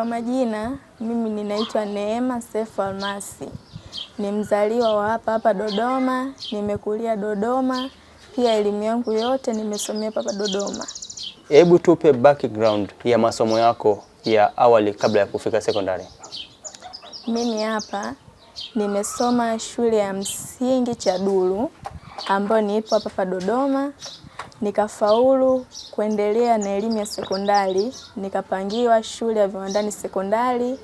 Kwa majina mimi ninaitwa Neema Sefu Almasi, ni mzaliwa wa hapa hapa Dodoma, nimekulia Dodoma, pia elimu yangu yote nimesomea hapa Dodoma. Hebu tupe background ya masomo yako ya awali kabla ya kufika sekondari. Mimi hapa nimesoma shule ya msingi Chadulu ambayo niipo hapa hapa Dodoma Nikafaulu kuendelea na elimu ya sekondari, nikapangiwa shule ya Viwandani Sekondari,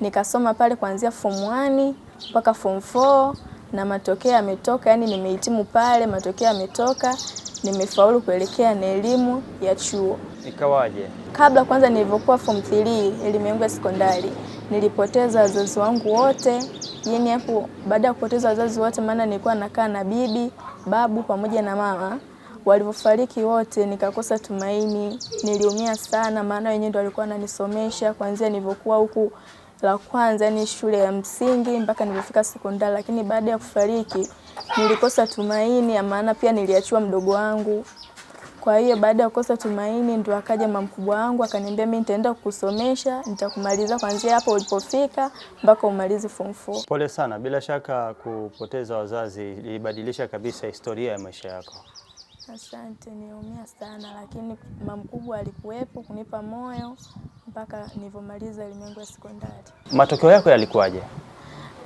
nikasoma pale kuanzia form 1 mpaka form 4 na matokeo yametoka, yani nimehitimu pale, matokeo yametoka, nimefaulu kuelekea na elimu ya chuo. Ikawaje? Kabla kwanza nilivyokuwa form 3 elimu yangu ya sekondari, nilipoteza wazazi wangu wote. Yani hapo baada ya kupoteza wazazi wote, maana nilikuwa nakaa na bibi, babu pamoja na mama Walivyofariki wote nikakosa tumaini, niliumia sana, maana wenyewe ndo walikuwa wananisomesha kuanzia nilivyokuwa huku la kwanza, ni shule ya msingi mpaka nilipofika sekondari. Lakini baada ya kufariki nilikosa tumaini, ya maana pia niliachiwa mdogo wangu. Kwa hiyo baada ya kukosa tumaini ndo akaja mamkubwa wangu akaniambia, mimi nitaenda kukusomesha, nitakumaliza kuanzia hapo ulipofika mpaka umalize form 4. Pole sana, bila shaka kupoteza wazazi ilibadilisha kabisa historia ya maisha yako. Asante, niumia sana lakini mama mkubwa alikuwepo kunipa moyo mpaka nilivyomaliza elimu ya sekondari. Matokeo yako yalikuwaje?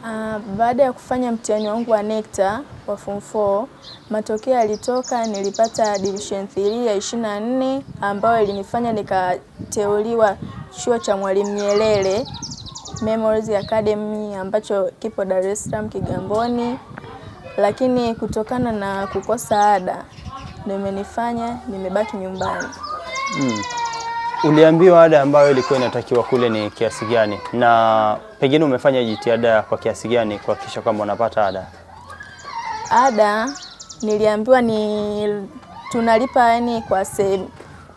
Uh, baada ya kufanya mtihani wangu wa NECTA wa form 4, matokeo yalitoka, nilipata division 3 ya 24 ambayo ilinifanya nikateuliwa chuo cha Mwalimu Nyerere Memories Academy ambacho kipo Dar es Salaam Kigamboni, lakini kutokana na kukosa ada ndio imenifanya nimebaki nyumbani. Mm. Uliambiwa ada ambayo ilikuwa inatakiwa kule ni kiasi gani, na pengine umefanya jitihada kwa kiasi gani kuhakikisha kwamba unapata ada? Ada niliambiwa ni tunalipa yani kwa se,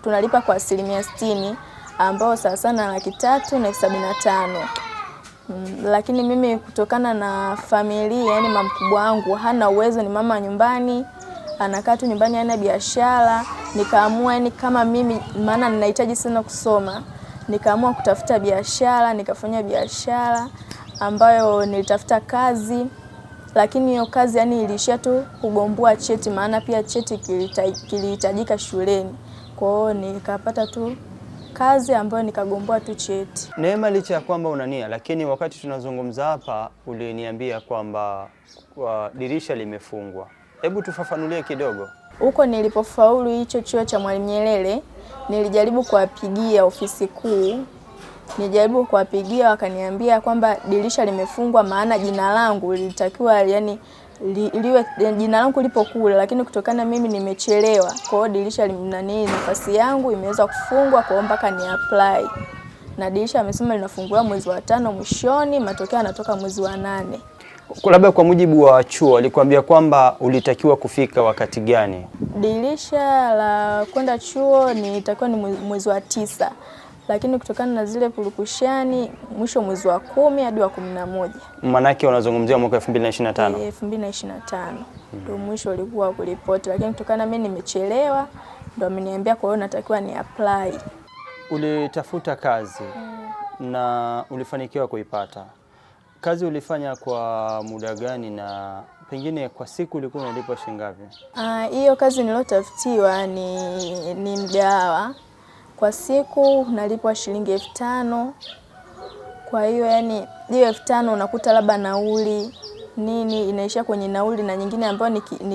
tunalipa kwa asilimia sitini ambao sawa sana laki tatu na elfu sabini na tano mm, lakini mimi kutokana na familia yani mamkubwa wangu hana uwezo, ni mama nyumbani anakaa tu nyumbani, ana biashara. Nikaamua yani kama mimi, maana ninahitaji sana kusoma, nikaamua kutafuta biashara, nikafanya biashara ambayo nilitafuta kazi, lakini hiyo kazi yani iliishia tu kugombua cheti, maana pia cheti kilihitajika shuleni. Kwa hiyo nikapata tu kazi ambayo nikagomboa tu cheti. Neema, licha ya kwamba unania lakini wakati tunazungumza hapa uliniambia kwamba kwa uh, dirisha limefungwa Hebu tufafanulie kidogo. Huko nilipofaulu hicho chuo cha Mwalimu Nyerere, nilijaribu kuwapigia ofisi kuu, nilijaribu kuwapigia, wakaniambia kwamba dirisha limefungwa, maana jina langu lilitakiwa yani li, liwe jina langu lipo kule, lakini kutokana mimi nimechelewa, kwa hiyo dirisha nani, nafasi yangu imeweza kufungwa, kwa hiyo mpaka ni apply na dirisha amesema linafungua mwezi wa tano mwishoni, matokeo yanatoka mwezi wa nane. Labda kwa mujibu wa chuo alikwambia kwamba ulitakiwa kufika wakati gani? Dirisha la kwenda chuo nilitakiwa ni mwezi wa tisa, lakini kutokana na zile purukushani mwisho mwezi wa kumi hadi wa kumi na moja. Maanake unazungumzia mwaka 2025? 2025 hmm. ndio mwisho ulikuwa kuripoti lakini kutokana mimi nimechelewa ndio ameniambia, kwa hiyo natakiwa ni apply. Ulitafuta kazi hmm, na ulifanikiwa kuipata? Kazi ulifanya kwa muda gani na pengine kwa siku ulikuwa unalipwa shilingi ngapi? Ah, hiyo uh, kazi niliyotafutiwa ni, ni mgahawa. Kwa siku nalipwa shilingi elfu tano. Kwa hiyo yani hiyo elfu tano unakuta labda nauli nini inaishia kwenye nauli na nyingine ambayo nikiweka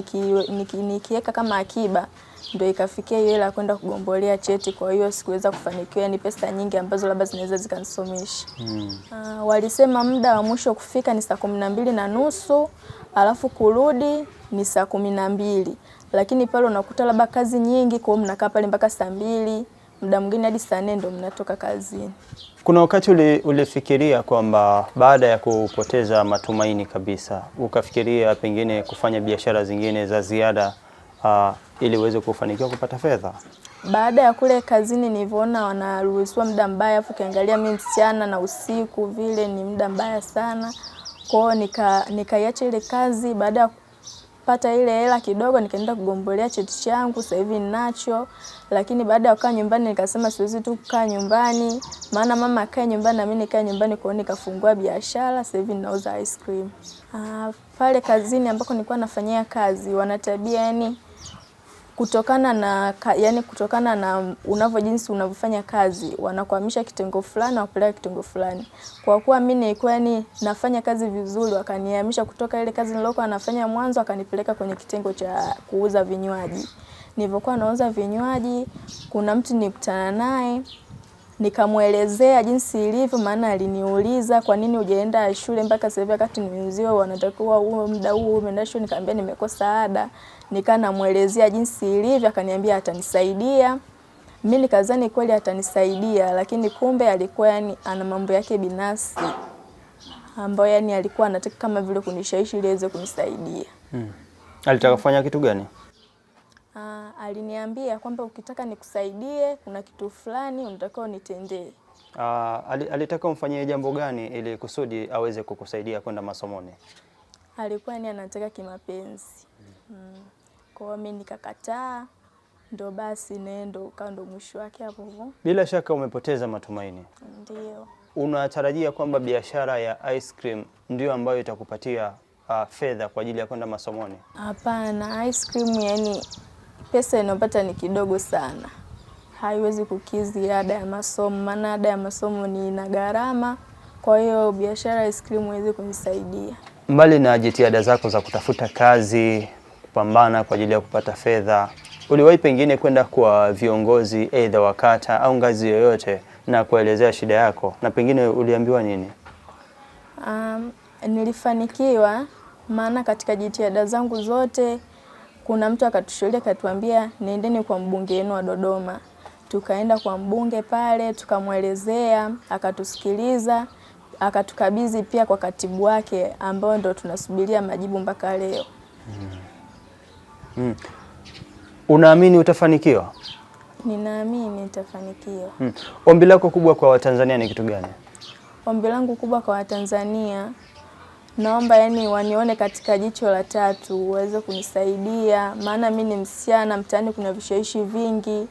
niki, niki, niki kama akiba ndio ikafikia hiyo ila kwenda kugombolea cheti, kwa hiyo sikuweza kufanikiwa. Ni yaani pesa nyingi ambazo labda zinaweza zikanisomesha. mm. Uh, walisema muda wa mwisho kufika ni saa kumi na mbili na nusu alafu kurudi ni saa kumi na mbili lakini pale unakuta labda kazi nyingi, kwa hiyo mnakaa pale mpaka saa mbili muda mwingine hadi saa nne ndio mnatoka kazini. Kuna wakati uli, ulifikiria kwamba baada ya kupoteza matumaini kabisa ukafikiria pengine kufanya biashara zingine za ziada uh, ili uweze kufanikiwa kupata fedha. Baada ya kule kazini nilivyoona wanaruhusiwa muda mbaya, afu ukiangalia mimi msichana na usiku vile ni muda mbaya sana kwao, nikaiacha nika ile kazi. Baada ya kupata ile hela kidogo, nikaenda kugombolea cheti changu, sasa hivi ninacho. Lakini baada ya kukaa nyumbani, nikasema siwezi tu kukaa nyumbani, maana mama akae nyumbani na mimi nikae nyumbani, kwao nikafungua biashara. Sasa hivi ninauza ice cream. Ah, pale kazini ambako nilikuwa nafanyia kazi, wanatabia tabia yani kutokana na yani, kutokana na unavyo jinsi unavyofanya kazi, wanakuhamisha kitengo fulani wakupeleka kitengo fulani. Kwa kuwa mimi nilikuwa yani nafanya kazi vizuri, wakanihamisha kutoka ile kazi nilokuwa nafanya mwanzo, akanipeleka kwenye kitengo cha kuuza vinywaji. Nilivyokuwa nauza vinywaji, kuna mtu nikutana naye nikamwelezea jinsi ilivyo, maana aliniuliza kwa nini hujaenda shule mpaka sasa hivi, wakati niuziwa wanatakiwa huo muda huo umeenda shule. Nikamwambia nimekosa ada, nikaa namwelezea jinsi ilivyo, akaniambia atanisaidia. Mimi nikazani kweli atanisaidia, lakini kumbe alikuwa yani ana mambo yake binafsi ambayo yani alikuwa anataka kama vile kunishawishi ili aweze kunisaidia. Hmm. Alitaka kufanya kitu gani? aliniambia kwamba ukitaka nikusaidie, kuna kitu fulani unatakiwa unitendee. Ah, alitaka umfanyie jambo gani ili kusudi aweze kukusaidia kwenda masomoni? Alikuwa ni anataka kimapenzi mm. Mm. Kwa mimi nikakataa, ndo basi nendo ukawa ndo mwisho wake hapo hapo. Bila shaka umepoteza matumaini. Ndio. Unatarajia kwamba biashara ya ice cream ndio ambayo itakupatia uh, fedha kwa ajili ya kwenda masomoni? Hapana, ice cream yani pesa inayopata ni kidogo sana, haiwezi kukizi ada ya masomo, maana ada ya masomo ni ina gharama. Kwa hiyo biashara ya ice cream haiwezi kunisaidia. Mbali na jitihada zako za kutafuta kazi, kupambana kwa ajili ya kupata fedha, uliwahi pengine kwenda kwa viongozi aidha wa kata au ngazi yoyote na kuelezea shida yako na pengine uliambiwa nini? Um, nilifanikiwa maana katika jitihada zangu zote kuna mtu akatushauri akatuambia, nendeni kwa mbunge wenu wa Dodoma. Tukaenda kwa mbunge pale, tukamwelezea, akatusikiliza, akatukabidhi pia kwa katibu wake, ambao ndo tunasubiria majibu mpaka leo. mm. mm. Unaamini utafanikiwa? Ninaamini nitafanikiwa. mm. Ombi lako kubwa kwa Watanzania ni kitu gani? Ombi langu kubwa kwa Watanzania naomba yani wanione katika jicho la tatu, waweze kunisaidia, maana mi ni msichana mtaani, kuna vishawishi vingi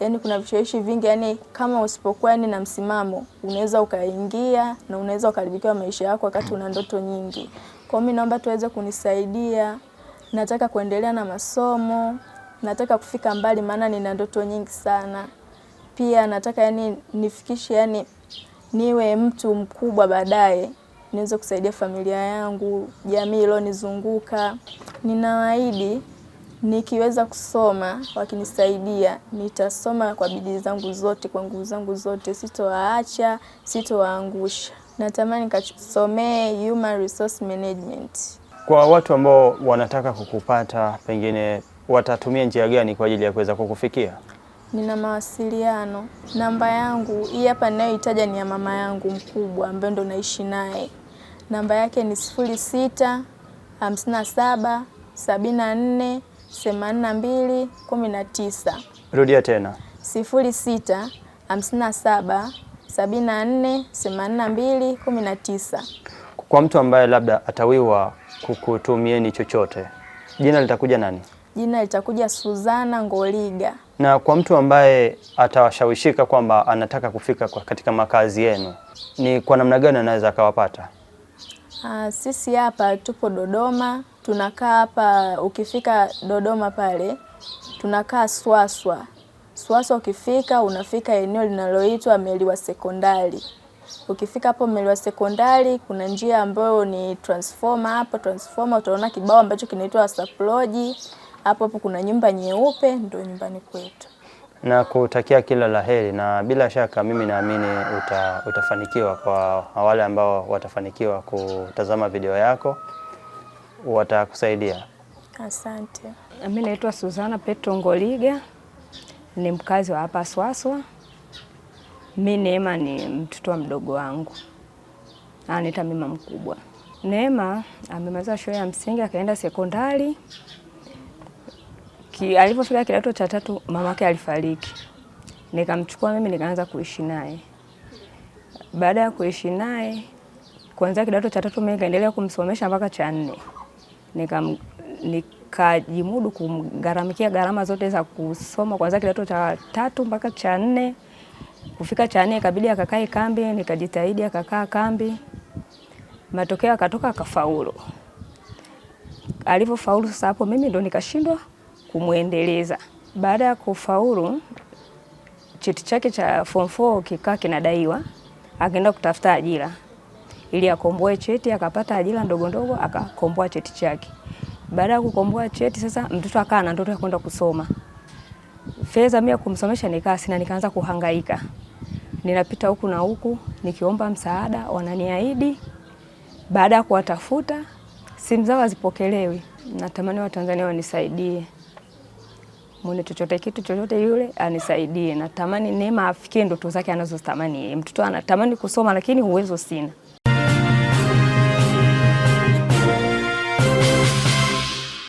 yani kuna vishawishi vingi yani, kama usipokuwa yani na msimamo, unaweza ukaingia na unaweza ukaribikiwa maisha yako wakati una ndoto nyingi. Kwa mimi naomba tuweze kunisaidia, nataka kuendelea na masomo, nataka kufika mbali, maana nina ndoto nyingi sana. Pia nataka yani nifikishe yani niwe mtu mkubwa baadaye niweze kusaidia familia yangu, jamii ilionizunguka. Ninawaahidi nikiweza kusoma wakinisaidia, nitasoma kwa bidii zangu zote, kwa nguvu zangu zote, sitowaacha, sitowaangusha. Natamani nikasomee human resource management. Kwa watu ambao wanataka kukupata, pengine watatumia njia gani kwa ajili ya kuweza kukufikia? Nina mawasiliano, namba yangu hii hapa ninayohitaja ni ya mama yangu mkubwa ambaye ndo naishi naye namba yake ni sifuri sita saba nne 06 mbili kumi na tisa. Rudia tena. sifuri sita saba nne 06 mbili kumi na tisa. Kwa mtu ambaye labda atawiwa kukutumieni chochote, jina litakuja nani? Jina litakuja Suzana Ngoliga. Na kwa mtu ambaye atawashawishika kwamba anataka kufika kwa katika makazi yenu, ni kwa namna gani anaweza akawapata? Ha, ah, sisi hapa tupo Dodoma, tunakaa hapa. Ukifika Dodoma pale tunakaa Swaswa. Swaswa ukifika unafika eneo linaloitwa Meliwa Sekondari. Ukifika hapo Meliwa Sekondari kuna njia ambayo ni transformer. Hapo transformer utaona kibao ambacho kinaitwa saploji Hapo hapo kuna nyumba nyeupe, ndio nyumbani kwetu na kutakia kila la heri, na bila shaka mimi naamini uta, utafanikiwa. Kwa wale ambao watafanikiwa kutazama video yako watakusaidia. Asante. Mimi naitwa Suzana Petro Ngoliga, ni mkazi wa hapa Swaswa. Mi Neema ni mtoto wa mdogo wangu, anaita mima mkubwa. Neema amemaliza shule ya msingi akaenda sekondari ki, Alipofika kidato cha tatu mamake alifariki, nikamchukua mimi nikaanza kuishi naye. Baada ya kuishi naye kuanzia kidato cha tatu mimi nikaendelea kumsomesha mpaka cha nne, nikajimudu nika kumgharamikia gharama zote za kusoma kuanzia kidato cha tatu mpaka cha nne. Kufika cha nne ikabidi akakae kambi, nikajitahidi akakaa kambi, matokeo akatoka akafaulu. Alivyofaulu sasa, hapo mimi ndo nikashindwa kumwendeleza. Baada ya kufaulu cheti chake cha form 4 kikaa kinadaiwa, akaenda kutafuta ajira ili akomboe cheti, akapata ajira ndogo ndogo, akakomboa cheti chake. Baada ya kukomboa cheti, sasa mtoto akaa na ndoto ya kwenda kusoma. Fedha mimi kumsomesha nikaa sina, nikaanza kuhangaika, ninapita huku na huku nikiomba msaada, wananiahidi. Baada ya kuwatafuta simu zao hazipokelewi. Natamani Watanzania wanisaidie mwone chochote kitu chochote yule anisaidie. Natamani Neema afikie ndoto zake anazotamani yeye. Mtoto anatamani kusoma, lakini uwezo sina